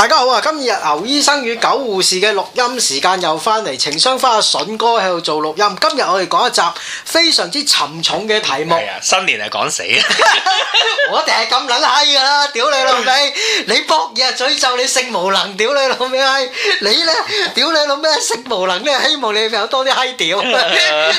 大家好啊！今日牛醫生與狗護士嘅錄音時間又翻嚟，情商花阿筍哥喺度做錄音。今日我哋講一集非常之沉重嘅題目。哎、新年係講死， 我哋係咁捻嗨噶啦！屌你老味，你仆嘢啊詛咒你性無能！屌你老味閪，你呢？屌你老味性無能呢？希望你有多啲嗨，屌。呢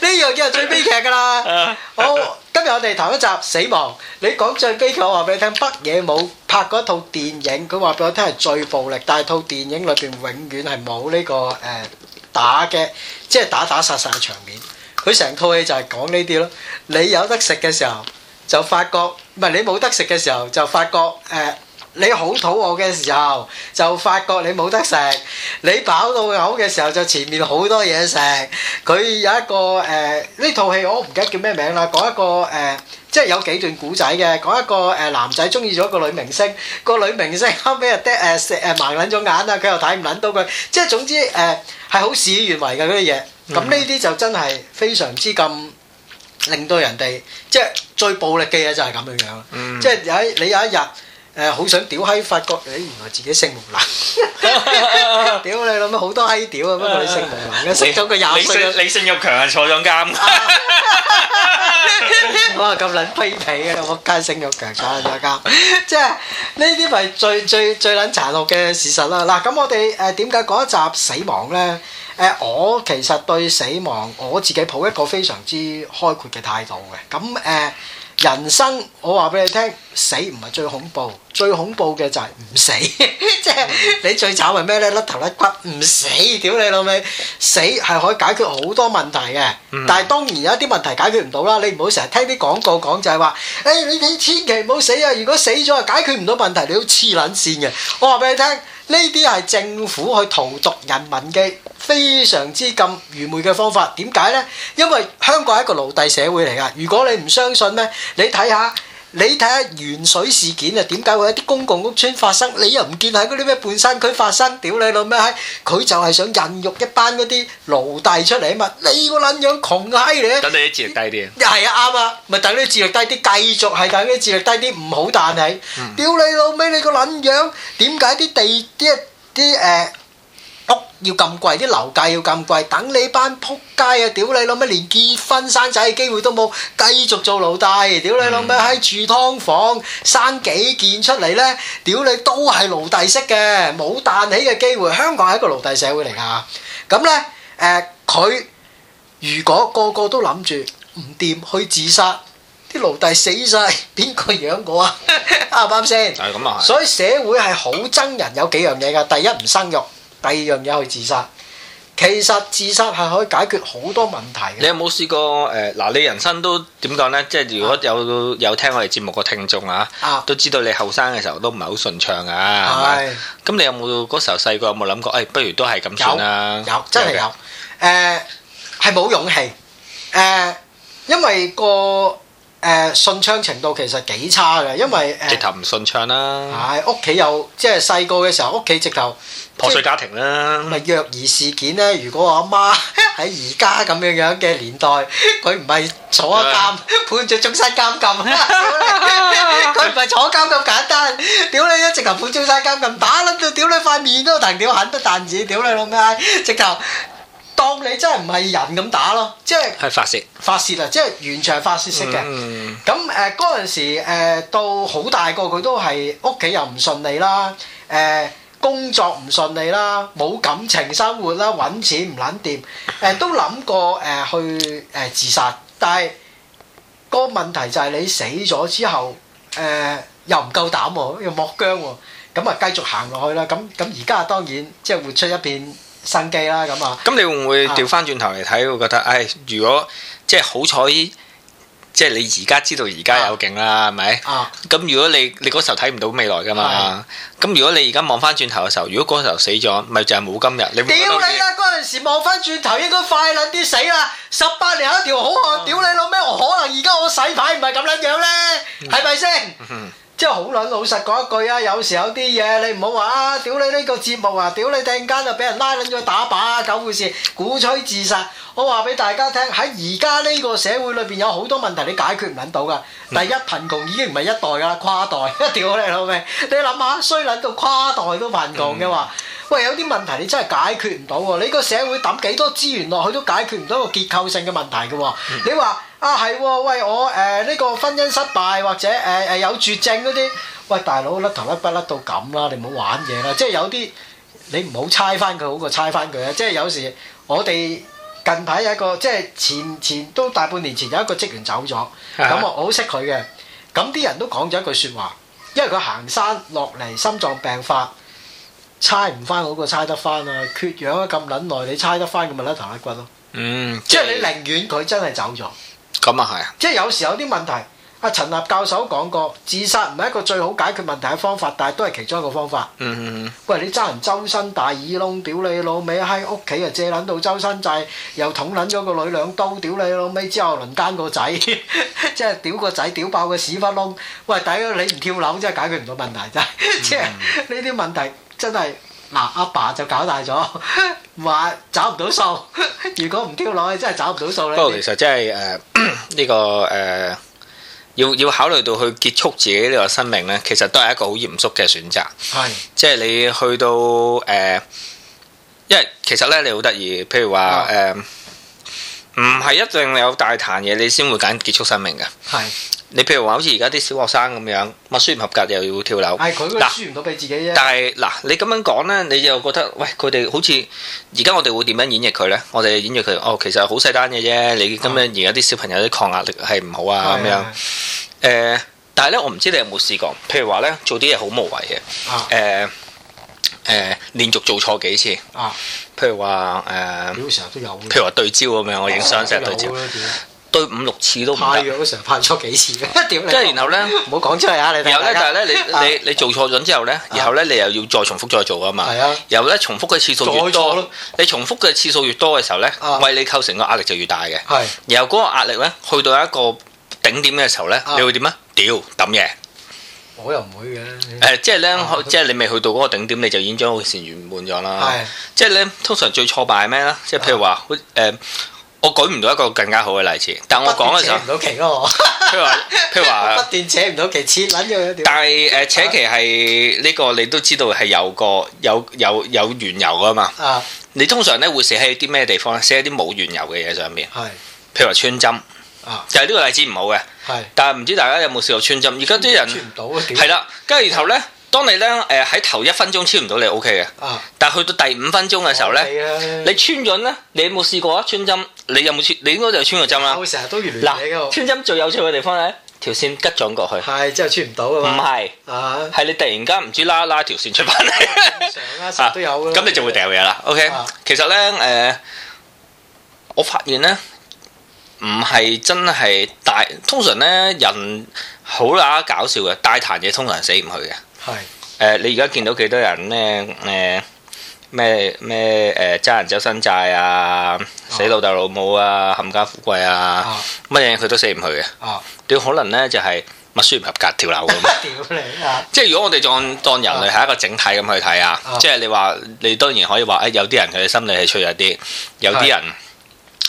樣嘢係最悲劇噶啦。好。 今日我哋談一集死亡。你講最悲劇，我話俾你聽，北野武拍過一套電影，佢話俾我聽係最暴力，但係套電影裏邊永遠係冇呢個誒、呃、打嘅，即係打打殺殺嘅場面。佢成套戲就係講呢啲咯。你有得食嘅時候就發覺，唔係你冇得食嘅時候就發覺誒。呃你好肚餓嘅時候，就發覺你冇得食；你飽到嘔嘅時候，就前面好多嘢食。佢有一個誒，呢套戲我唔記得叫咩名啦，講一個誒，即係有幾段古仔嘅，講一個誒男仔中意咗個女明星，個女明星後尾又跌誒食誒盲撚咗眼啦，佢又睇唔撚到佢。即係總之誒係好事與願違嘅嗰啲嘢。咁呢啲就真係非常之咁令到人哋即係最暴力嘅嘢就係咁樣樣。即係喺你有一日。誒好想屌閪，發覺誒原來自己性無能，屌你老母好多閪屌啊！不過你性無能，你食咗佢廿歲，你性欲強啊，坐咗監。我係咁撚卑鄙嘅，我梗係性欲強，坐咗監。即係呢啲咪最最最撚殘酷嘅事實啦。嗱，咁我哋誒點解嗰一集死亡咧？誒我其實對死亡我自己抱一個非常之開闊嘅態度嘅。咁誒。人生我話俾你聽，死唔係最恐怖，最恐怖嘅就係唔死。即 係你最慘係咩呢？甩頭甩骨唔死，屌你老味！死係可以解決好多問題嘅，嗯、但係當然有一啲問題解決唔到啦。你唔好成日聽啲廣告講就係、是、話，誒、哎、你你千祈唔好死啊！如果死咗，解決唔到問題，你都黐撚線嘅。我話俾你聽，呢啲係政府去荼毒人民嘅。非常之咁愚昧嘅方法，點解呢？因為香港係一個奴隸社會嚟噶。如果你唔相信咧，你睇下，你睇下元水事件啊，點解會喺啲公共屋邨發生？你又唔見喺嗰啲咩半山區發生？屌你老咩，佢就係想孕育一班嗰啲奴隸出嚟啊嘛！你個撚樣窮嗨、啊，你等你啲智力低啲，又係啊啱啊，咪、啊、等你啲智力低啲，繼續係等你啲智力低啲，唔好彈起。嗯、屌你老味，你個撚樣點解啲地啲啲誒？屋要咁貴，啲樓價要咁貴，等你班撲街啊！屌你老味，連結婚生仔嘅機會都冇，繼續做奴隸！屌你老味，喺住劏房，生幾件出嚟咧？屌你都係奴隸式嘅，冇彈起嘅機會。香港係一個奴隸社會嚟㗎，咁咧，誒，佢如果個個都諗住唔掂去自殺，啲奴隸死曬，邊個養過啊？啱唔啱先？係咁啊！所以社會係好憎人有幾樣嘢㗎。第一唔生育。第二樣嘢去自殺，其實自殺係可以解決好多問題嘅。你有冇試過？誒，嗱，你人生都點講呢？即係如果有有聽我哋節目嘅聽眾啊，啊都知道你後生嘅時候都唔係好順暢啊，係咪？咁的的你有冇嗰時候細個有冇諗過？誒、哎，不如都係咁算啦、啊。有，真係有。誒的，係冇、呃、勇氣。誒、呃，因為個。誒，順暢程度其實幾差㗎，因為直頭唔順暢啦、嗯。係屋企又即係細個嘅時候，屋企直頭破碎家庭啦。咪係虐兒事件咧，如果我阿媽喺而家咁樣樣嘅年代，佢唔係坐監是的 判著終身監禁，佢唔係坐監咁簡單。屌你啦，直頭判終身監禁，打撚到屌你塊面都彈，屌狠都彈住，屌你老咩閪，直頭。當你真係唔係人咁打咯，即係係發泄，發泄啊！即係完全係發泄式嘅。咁誒嗰陣時、呃、到好大個，佢都係屋企又唔順利啦，誒、呃、工作唔順利啦，冇感情生活啦，揾錢唔撚掂，誒、呃、都諗過誒、呃、去誒自殺，但係、個問題就係你死咗之後誒、呃、又唔夠膽喎，又木僵喎，咁、呃、啊繼續行落去啦。咁咁而家當然即係活出一片。生機啦咁啊！咁你會唔會調翻轉頭嚟睇？啊、會覺得唉，如果即係好彩，即係你而家知道而家有勁啦，係咪、啊？啊！咁如果你你嗰時候睇唔到未來㗎嘛？咁是的 如果你而家望翻轉頭嘅時候，如果嗰時候死咗，咪就係冇今日。你屌你啦！嗰陣時望翻轉頭應該快撚啲死啦！十八年一條好漢，屌、啊、你老咩！我可能而家我洗牌唔係咁撚樣咧，係咪先？嗯即係好撚老實講一句啊，有時候啲嘢你唔好話啊，屌你呢個節目啊，屌你突然間就俾人拉撚咗打靶，搞護士，鼓吹自殺。我話俾大家聽，喺而家呢個社會裏邊有好多問題你解決唔撚到噶。第一，貧窮已經唔係一代噶啦，跨代屌你老味。你諗下衰撚到跨代都貧窮嘅話，喂有啲問題你真係解決唔到喎。你個社會抌幾多資源落去都解決唔到個結構性嘅問題噶喎。你話？啊，係喎。喂，我誒呢個婚姻失敗或者誒誒有絕症嗰啲，喂大佬甩頭甩骨甩到咁啦，你唔好玩嘢啦，即係有啲你唔好猜翻佢好過猜翻佢啦。即係有時我哋近排有一個，即係前前都大半年前有一個職員走咗，咁我好識佢嘅，咁啲人都講咗一句説話，因為佢行山落嚟心臟病發，猜唔翻好過猜得翻啊！缺氧啊咁撚耐，你猜得翻，咁咪甩頭甩骨咯。嗯，即係你寧願佢真係走咗。咁啊係啊！即係有時候有啲問題，阿陳立教授講過，自殺唔係一個最好解決問題嘅方法，但係都係其中一個方法。嗯嗯嗯。Hmm. 喂，你揸人周身大耳窿，屌你老味，喺屋企啊，借捻到周身債，又捅捻咗個女兩刀，屌你老味，之後輪，輪奸 個仔，即係屌個仔屌爆個屎忽窿。喂，大佬你唔跳樓，真係解決唔到問題，真係。Mm hmm. 即係呢啲問題真係。嗱，阿、啊、爸爸就搞大咗，話找唔到數。如果唔跳落去，真係找唔到數咧。不過，其實即係誒呢個誒、呃、要要考慮到去結束自己呢個生命咧，其實都係一個好嚴肅嘅選擇。係是即係你去到誒、呃，因為其實咧你好得意，譬如話誒，唔、呃、係、哦、一定有大彈嘢你先會揀結束生命嘅。係。你譬如話，好似而家啲小學生咁樣，默書唔合格又要跳樓。係佢佢輸唔到俾自己啫。但係嗱，你咁樣講咧，你就覺得喂，佢哋好似而家我哋會點樣演繹佢咧？我哋演繹佢哦，其實好細單嘅啫。你咁樣而家啲小朋友啲抗壓力係唔好啊咁樣。誒，但係咧，我唔知你有冇試過，譬如話咧，做啲嘢好無謂嘅。誒誒，連續做錯幾次。啊，譬如話誒，譬如話對焦咁樣，我影相成日對焦。堆五六次都唔得，我成日拍錯幾次嘅。點咧？跟住然後咧，唔好講出嚟啊！然後咧，但係咧，你你你做錯咗之後咧，然後咧，你又要再重複再做啊嘛。係啊。然後咧，重複嘅次數越多，你重複嘅次數越多嘅時候咧，為你構成嘅壓力就越大嘅。係。然後嗰個壓力咧，去到一個頂點嘅時候咧，你會點啊？屌抌嘢！我又唔會嘅。誒，即係咧，即係你未去到嗰個頂點，你就已經將好事完滿咗啦。即係咧，通常最挫敗係咩咧？即係譬如話，好誒。我舉唔到一個更加好嘅例子，但係我講嘅時候，唔到氣。譬如話，譬如話，不斷扯唔到氣，黐撚咗佢。但係誒，扯氣係呢個你都知道係有個有有有原由㗎嘛。啊，你通常咧會寫喺啲咩地方咧？寫喺啲冇原由嘅嘢上面，係，譬如話穿針。就係呢個例子唔好嘅。係，但係唔知大家有冇試過穿針？而家啲人穿唔到啊，係啦。跟住然後咧，當你咧誒喺頭一分鐘穿唔到，你 OK 嘅。但係去到第五分鐘嘅時候咧，你穿咗咧，你有冇試過啊穿針？你有冇穿？你應該就穿個針啦。我成日都越嚟越叻。穿針最有趣嘅地方咧，條線吉咗過去。係，之後穿唔到是啊嘛。唔係，係你突然間唔知拉拉條線出翻嚟、 啊。常啦，成日都有嘅。咁、啊、你就會掉嘢啦。OK，、啊啊、其實咧，誒、呃，我發現咧，唔係真係大。通常咧，人好啦搞笑嘅，大談嘢通常死唔去嘅。係是。誒、呃，你而家見到幾多人咧？誒、呃。呃呃咩咩誒揸人周身債啊，死老豆老母啊，冚家富貴啊，乜嘢佢都死唔去嘅。最 可能呢就係默書唔合格，跳樓咁。即係如果我哋當當人類係一個整體咁去睇啊， 即係你話你當然可以話誒、哎，有啲人佢嘅心理係脆弱啲，有啲人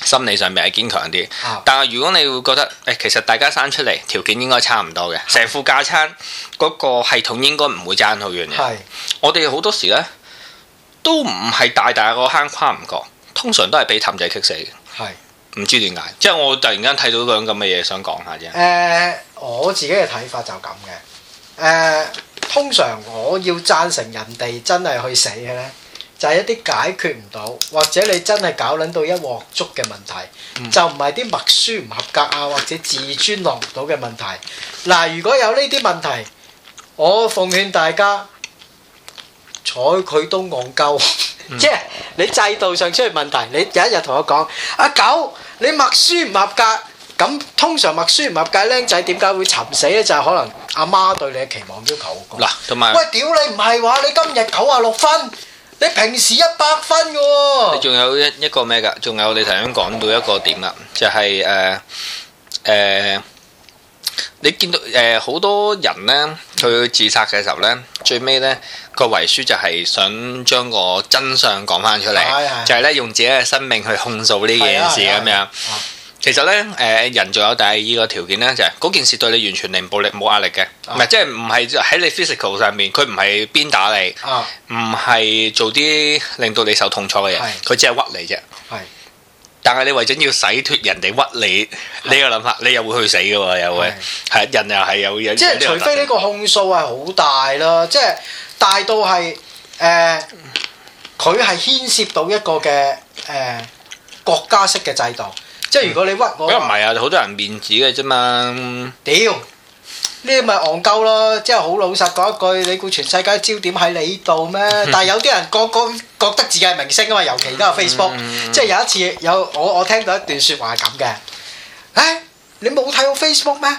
心理上面係堅強啲。但係如果你會覺得誒、哎，其實大家生出嚟條件應該差唔多嘅，成副架撐，嗰個系統應該唔會爭好遠嘅。係， 是 我哋好多時呢。都唔係大，大個坑跨唔過，通常都係俾氹仔棘死嘅。係是，唔知點解。即係我突然間睇到兩咁嘅嘢，想講下啫。誒，我自己嘅睇法就咁嘅。誒、呃，通常我要贊成人哋真係去死嘅咧，就係、是、一啲解決唔到，或者你真係搞撚到一鑊粥嘅問題，嗯、就唔係啲默書唔合格啊，或者自尊落唔到嘅問題。嗱、呃，如果有呢啲問題，我奉勸大家。睬佢都戇鳩，即係你制度上出現問題。你有一日同我講：阿狗，你默書唔合格。咁通常默書唔合格，僆仔點解會尋死咧？就係可能阿媽對你嘅期望要求高。嗱，同埋喂，屌你唔係話你今日九十六分，你平時一百分嘅。你仲有一一個咩㗎？仲有你頭先講到一個點啦，就係誒誒，你見到誒好多人咧去自殺嘅時候咧。最尾咧，個遺書就係想將個真相講翻出嚟，哎、呀就係咧用自己嘅生命去控訴呢件事咁樣。哎、呀其實咧，誒、啊、人仲有第二、這個條件咧，就係、是、嗰件事對你完全零暴力、冇壓力嘅，唔係即係唔係喺你 physical 上面，佢唔係鞭打你，唔係、啊、做啲令到你受痛楚嘅嘢，佢、啊、只係屈你啫。但係你為咗要洗脫人哋屈你，你又諗下，你又會去死嘅，又會，係人又係有嘢。即係除非呢個控訴係好大咯，即係大到係誒，佢係牽涉到一個嘅誒國家式嘅制度，即係如果你屈我，咁又唔係啊，好多人面子嘅啫嘛。屌！呢啲咪戇鳩咯，即係好老實講一句，你估全世界焦點喺你依度咩？但係有啲人個個覺得自己係明星啊嘛，尤其都係 Facebook。即係有一次有我，我聽到一段説話係咁嘅，唉，你冇睇到 Facebook 咩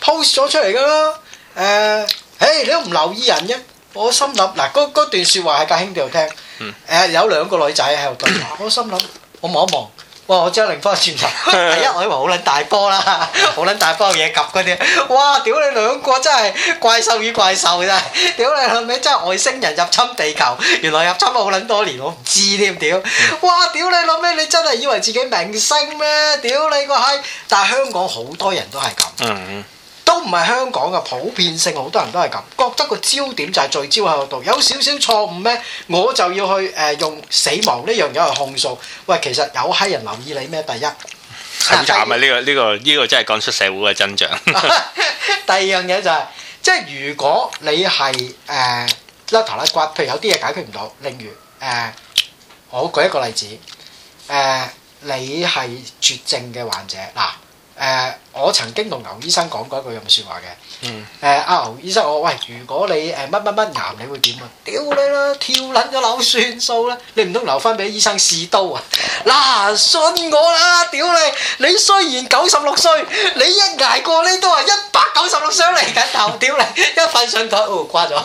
？post 咗出嚟㗎咯，誒，嘿，你都唔留意人啫。我心諗嗱，嗰，嗰段説話係架兄弟喺度聽，誒有兩個女仔喺度，我心諗我望一望。哇！我張凌峰轉頭第一，我以為好撚大波啦，好撚大波嘢夾嗰啲，哇！屌你兩個真係怪獸與怪獸真係，屌你老味真係外星人入侵地球，原來入侵好撚多年，我唔知添屌！哇！屌你老味你真係以為自己明星咩？屌你個閪！但係香港好多人都係咁。嗯都唔係香港嘅普遍性，好多人都係咁，覺得個焦點就係聚焦喺度。有少少錯誤咩？我就要去誒、呃、用死亡呢樣嘢去控訴。喂，其實有閪人留意你咩？第一，好慘啊！呢、這個呢、這個呢、這個真係講出社會嘅真相。 第二樣嘢就係、是，即係如果你係誒、呃、甩頭甩骨，譬如有啲嘢解決唔到，例如誒，我、呃、舉一個例子，誒、呃，你係絕症嘅患者嗱。誒，我曾經同牛醫生講過一句咁嘅説話嘅。誒，阿牛醫生，我喂，如果你誒乜乜乜癌，你會點啊？屌你啦，跳捻咗樓算數啦，你唔通留翻俾醫生試刀啊？嗱，信我啦，屌你！你雖然九十六歲，你一捱過呢都係一百九十六箱嚟緊頭，屌你！一瞓上台，哦，掛咗。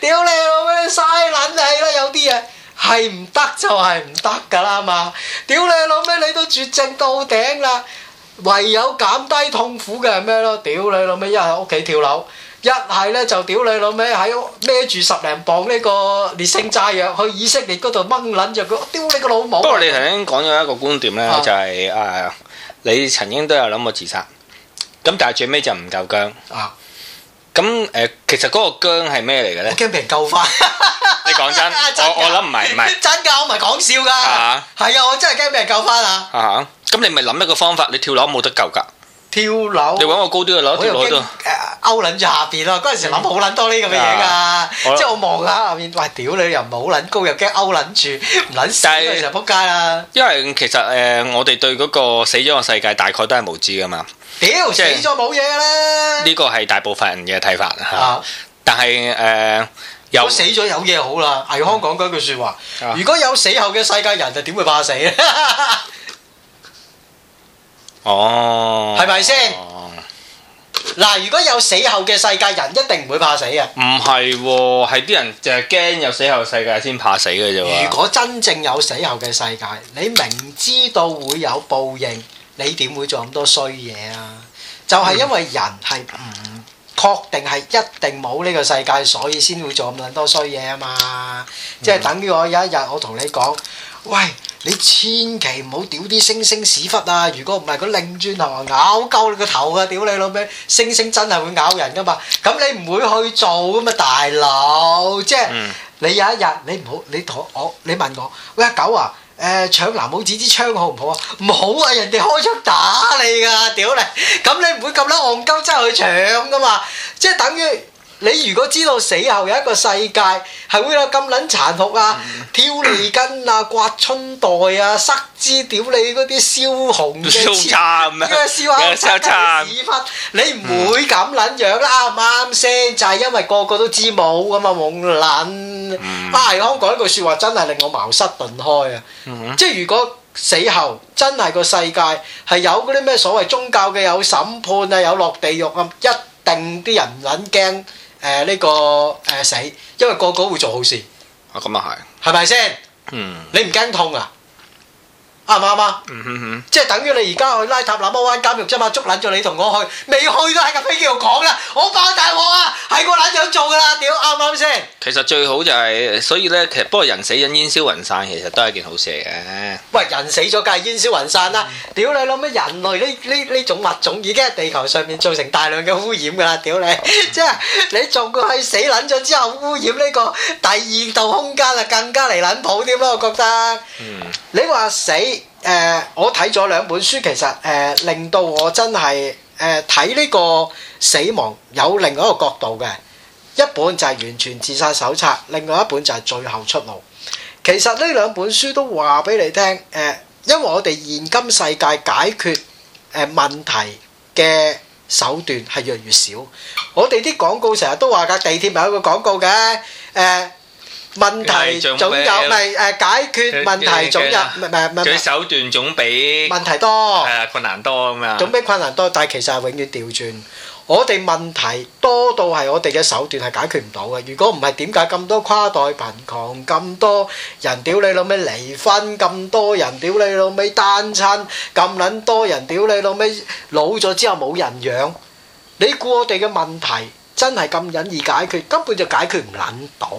屌你老咩嘥捻氣啦！有啲嘢係唔得就係唔得㗎啦嘛，屌你老咩！你都絕症到頂啦～唯有減低痛苦嘅係咩咯？屌你老味！一係屋企跳樓，一係咧就屌你老味喺孭住十零磅呢個烈性炸藥去以色列嗰度掹撚着佢，丟你個老母！不過你頭先講咗一個觀點咧，啊、就係、是、誒、啊，你曾經都有諗過自殺，咁但係最尾就唔夠姜啊！咁誒、呃，其實嗰個姜係咩嚟嘅咧？我驚俾人救翻。你講真？真，我我諗唔係唔係真㗎，我唔係講笑㗎，係啊，我真係驚俾人救翻啊！吓？咁你咪諗一個方法，你跳樓冇得救噶。跳樓，你搵個高啲嘅樓跳落去都。驚勾捻住下邊咯，嗰陣時諗好捻多呢咁嘅嘢噶。即係我望下下邊，哇！屌你，又唔係好捻高，又驚勾捻住，唔捻死，嗰陣就仆街啦。因為其實誒，我哋對嗰個死咗嘅世界大概都係無知噶嘛。屌，死咗冇嘢啦。呢個係大部分人嘅睇法吓。但係誒，有死咗有嘢好啦。倪匡講句說話，如果有死後嘅世界，人就點會怕死咧？哦是是，係咪先？嗱，如果有死後嘅世界，人一定唔會怕死啊！唔係、哦，係啲人淨係驚有死後世界先怕死嘅啫。如果真正有死後嘅世界，你明知道會有報應，你點會做咁多衰嘢啊？就係、是、因為人係唔確定係一定冇呢個世界，所以先會做咁捻多衰嘢啊嘛！即係、嗯、等於我有一日我同你講。喂，你千祈唔好屌啲猩猩屎忽啊！如果唔係，佢拎轉頭咬鳩你個頭啊。屌你老味，猩猩真係會咬人噶嘛？咁你唔會去做噶嘛！大佬，即係、嗯、你有一日你唔好你同我你問我，喂，阿狗啊，誒、呃、搶藍帽子支槍好唔好啊？唔好啊，人哋開槍打你噶、啊，屌你！咁你唔會咁撚戇鳩，真係去搶噶嘛？即係等於。你如果知道死後有一個世界係會有咁撚殘酷啊，挑脷筋啊，刮春袋啊，塞支屌你嗰啲燒紅嘅，真係燒紅，燒口出屎忽，你唔會咁撚樣啦，啱唔啱聲？就係因為個個都知冇咁啊，冇撚。阿毅康講一句説話真係令我茅塞頓開啊！即係如果死後真係個世界係有嗰啲咩所謂宗教嘅有審判啊，有落地獄啊，一定啲人撚驚。誒呢、呃這個誒死、呃，因為個個會做好事，咁又係，係咪先？吧嗯，你唔驚痛啊？啱唔啱啊？ 即係等於你而家去拉塔那摩灣監獄啫嘛，捉捻咗你同我去，未去都喺架飛機度講啦，我爆大鑊啊，係我捻咗做噶啦，屌啱唔啱先？其實最好就係、是，所以呢，其實不過人死人煙消雲散，其實都係一件好事嘅。喂，人死咗梗係煙消雲散啦，屌、嗯、你老咩？人類呢呢呢種物種已經係地球上面造成大量嘅污染噶啦，屌你！即係你做佢死撚咗之後，污染呢個第二度空間啊，更加嚟捻譜添咯，我覺得。嗯、你話死？誒、呃，我睇咗兩本書，其實誒、呃、令到我真係誒睇呢個死亡有另外一個角度嘅。一本就係《完全自殺手冊》，另外一本就係《最後出路》。其實呢兩本書都話俾你聽，誒、呃，因為我哋現今世界解決誒問題嘅手段係越嚟越少，我哋啲廣告成日都話㗎，地鐵咪有個廣告嘅誒。呃問題總有咪誒解決問題總有咪咪咪咪手段總比問題多係啊，困難多咁樣總比困難多，但係其實係永遠調轉，我哋問題多到係我哋嘅手段係解決唔到嘅。如果唔係點解咁多跨代貧窮，咁多人屌你老味離婚，咁多人屌你老味單親，咁撚多人屌你老味老咗之後冇人養，你估我哋嘅問題真係咁容易解決？根本就解決唔撚到。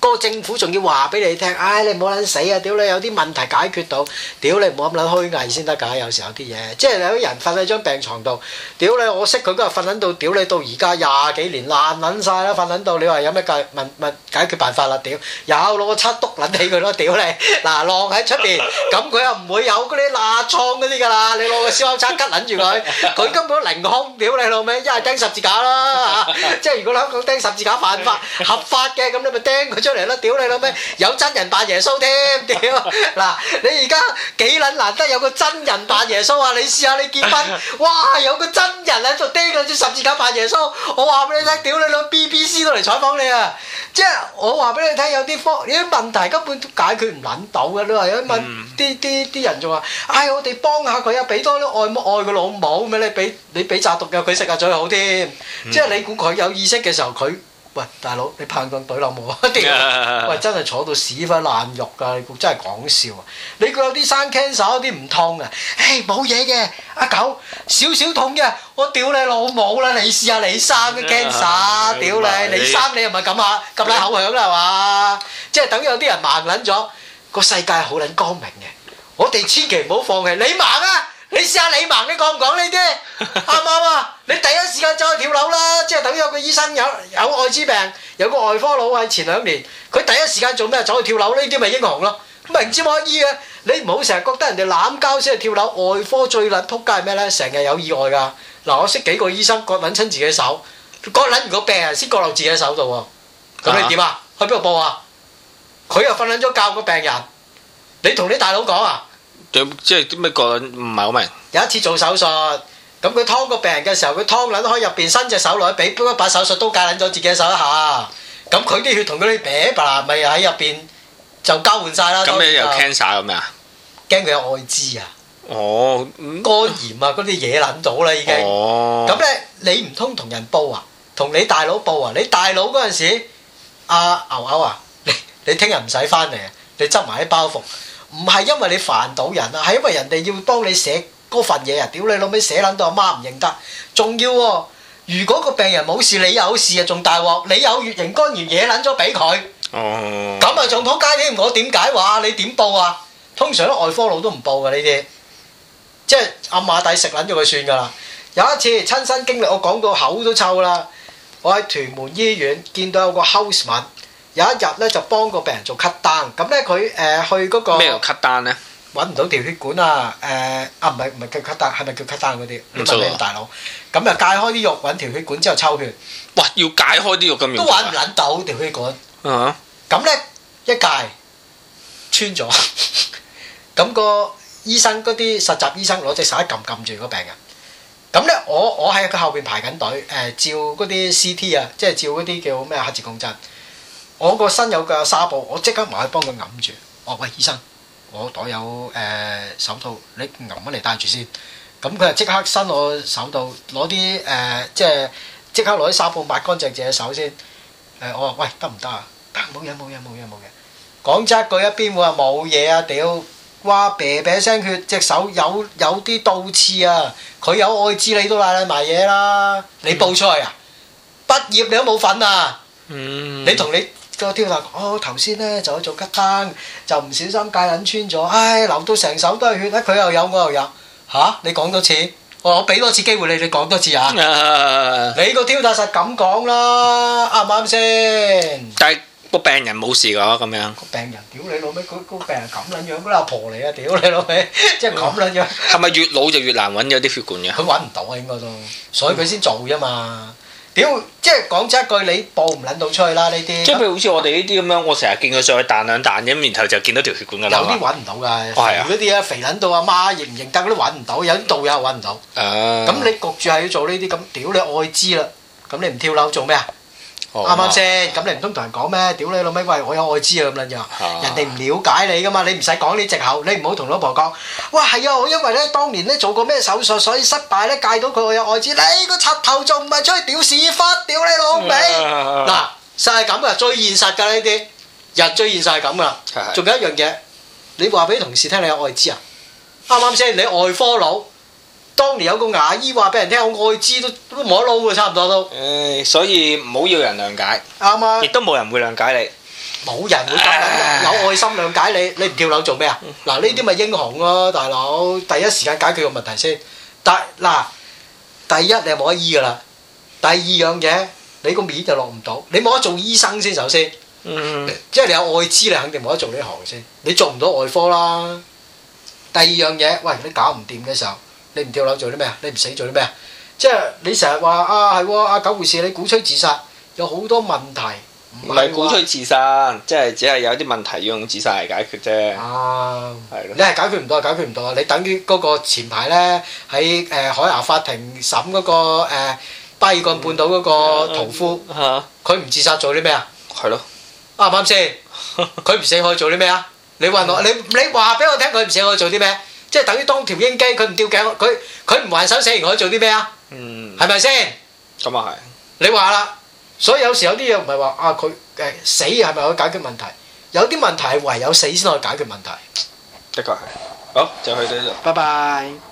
個政府仲要話俾你聽，唉，你唔好撚死啊！屌你，有啲問題解決到，屌你唔好咁撚虛偽先得㗎。有時候啲嘢，即係有啲人瞓喺張病牀度，屌你，我識佢嗰日瞓撚到，屌你到而家廿幾年爛撚晒啦，瞓撚到你話有咩解問問解決辦法啦？屌，有攞個叉篤撚起佢咯，屌你嗱晾喺出邊，咁佢又唔會有嗰啲罅瘡嗰啲㗎啦。你攞個燒烤叉拮撚住佢，佢根本凌空，屌你老味，一係釘十字架啦，即係如果香港釘十字架犯法合法嘅，咁你咪釘佢。出嚟啦！屌你老味，有真人扮耶穌添，屌嗱！你而家幾撚難得有個真人扮耶穌啊！你試下你結婚，哇！有個真人喺度釘兩支十字架扮耶穌，我話俾你聽，屌你老 BBC 都嚟採訪你啊！即係我話俾你聽，有啲科有啲問題根本解決唔撚到嘅，都係一問啲啲啲人仲話，唉，我哋幫下佢啊，俾多啲愛愛佢老母咩？你俾你俾炸毒藥佢食下最好添，嗯、即係你估佢有意識嘅時候佢。喂，大佬，你盼望懟老母啊？一定！ 喂，真係坐到屎忽爛肉㗎，你真係講笑啊？你個有啲生 cancer，有啲唔痛啊！嘿，冇嘢嘅，阿狗，少少痛嘅，我屌你老母啦！你試下你生嘅 cancer，屌你， 你生你又咪咁啊？咁拉口響啦，係嘛？即係等於有啲人盲撚咗，個世界好撚光明嘅，我哋千祈唔好放棄。你盲啊？你試下你盲，你講唔講你啫？啱唔啱啊？ 你第一時間走去跳樓啦，即係等於有個醫生有有艾滋病，有個外科佬喺前兩年，佢第一時間做咩走去跳樓，呢啲咪英雄咯？明知冇得醫嘅，你唔好成日覺得人哋濫交先去跳樓，外科最撚撲街係咩呢？成日有意外㗎。嗱，我識幾個醫生割捻親自己手，割捻完個病人先割落自己手度喎。咁你點啊？去邊度播啊？佢又瞓捻咗教個病人，你同你大佬講啊？即係咩割？唔係好明。有一次做手術。咁佢劏個病人嘅時候，佢劏捻開入邊，伸隻手落去，俾一把手術刀界捻咗自己隻手一下。咁佢啲血同嗰啲嘢吧嗱，咪喺入邊就交換曬啦。咁你又 cancer 有咩啊？驚佢有愛滋啊！哦，肝炎啊，嗰啲嘢捻到啦已經。哦，咁咧你唔通同人報啊？同你大佬報啊？你大佬嗰陣時，阿牛牛啊，你你聽日唔使翻嚟啊！你執埋啲包袱，唔係因為你煩到人啊，係因為人哋要幫你寫。嗰份嘢啊！屌你老味，寫撚到阿媽唔認得，仲要喎！如果個病人冇事，你有事啊，仲大鑊！你有乙型肝炎，惹撚咗俾佢，哦！咁啊仲撲街添！我點解話你點報啊？通常外科佬都唔報噶呢啲，即係阿馬底食撚咗佢算噶啦。有一次親身經歷，我講到口都臭啦。我喺屯門醫院見到有個 houseman，有一日咧就幫個病人做 cut down，咁咧佢誒去嗰個咩 cut down 咧？揾唔到條血管啊！誒啊唔係唔係叫 c u 係咪叫咳 u 嗰啲？唔明啊，是是打打大佬。咁又解開啲肉，揾條血管之後抽血。哇！要解開啲肉咁容都玩唔撚到，定血管？啊！咁咧一解穿咗，咁 個醫生嗰啲實習醫生攞隻手一撳，撳住個病人。咁咧我我喺佢後邊排緊隊，誒、呃、照嗰啲 CT 啊，即係照嗰啲叫咩黑字共振。我個身有個紗布，我即刻埋去幫佢揞住。哦，喂，醫生。我袋有誒手套，你攬翻嚟戴住先。咁佢就即刻伸我手套，攞啲誒即係即刻攞啲紗布抹乾淨隻手先。誒我話喂得唔得啊？得，冇嘢冇嘢冇嘢冇嘢。講真，嗰一邊話冇嘢啊，屌，瓜啤啤聲血隻手有有啲倒刺啊。佢有愛滋你都賴你埋嘢啦。你報出去啊？畢業你都冇份啊？嗯。你同你。個挑大，我頭先咧就去做吉單，就唔小心戒撚穿咗，唉流到成手都係血，佢又有我又有，嚇你講多次，我俾多次機會你，你講多次啊，你個挑大實咁講啦，啱唔啱先？但係個病人冇事噶，咁樣。個病人屌你老味，佢個病人咁撚樣，個阿婆嚟啊，屌你老味，即係咁撚樣。係咪越老就越難揾有啲血管嘅？佢揾唔到啊，應該都。所以佢先做啫嘛。屌，即係講真一句，你播唔撚到出去啦呢啲。即係譬如好似我哋呢啲咁樣，我成日見佢上去彈兩彈咁，然後就見到條血管噶啦。有啲揾唔到㗎。係、哦、啊。啲啊肥撚到阿媽認唔認得嗰啲揾唔到，有啲道友揾唔到。哦。咁你焗住係要做呢啲咁，屌你愛滋啦！咁你唔跳樓做咩啊？啱啱先？咁你唔通同人講咩？屌你老味！喂，我有愛滋啊咁樣樣，人哋唔瞭解你噶嘛？你唔使講你藉口，你唔好同老婆講。喂，係啊！我因為咧當年咧做過咩手術，所以失敗咧戒到佢我有愛滋。你個柒頭仲唔係出去屌屎忽？屌你老味！嗱，就係咁噶，最現實噶呢啲人最現實係咁噶啦。仲有一樣嘢，你話俾同事聽你有愛滋啊？啱啱先，你外科佬，當年有個牙醫話俾人聽，我艾滋都都冇得撈嘅，差唔多都。誒，所以唔好要人諒解。啱啊！亦都冇人會諒解你，冇人會有有愛心諒解你。你唔跳樓做咩啊？嗱，呢啲咪英雄咯，大佬，第一時間解決個問題先。但嗱，第一你係冇得醫噶啦，第二樣嘢你個面就落唔到，你冇得做醫生先，首先。嗯嗯。即係你有艾滋，你肯定冇得做呢行先。你做唔到外科啦。第二樣嘢，喂你搞唔掂嘅時候。你唔跳樓做啲咩啊？你唔死做啲咩啊？即係你成日話啊，係喎，啊九護士，你鼓吹自殺有好多問題，唔係鼓吹自殺，即係只係有啲問題要用自殺嚟解決啫。啊，係咯，你係解決唔到就解決唔到，你等於嗰個前排咧喺誒海牙法庭審嗰個誒巴爾幹半島嗰個屠夫，佢唔自殺做啲咩啊？係咯，啱唔啱先？佢唔死可以做啲咩啊？你問我，你你話俾我聽，佢唔死可以做啲咩？即係等於東條英機，佢唔吊頸，佢佢唔還手死，我可以做啲咩啊？嗯，係咪先？咁又係。你話啦，所以有時有啲嘢唔係話啊，佢、呃、死係咪可以解決問題？有啲問題係唯有死先可以解決問題。的確係。好，就去到呢度。拜拜。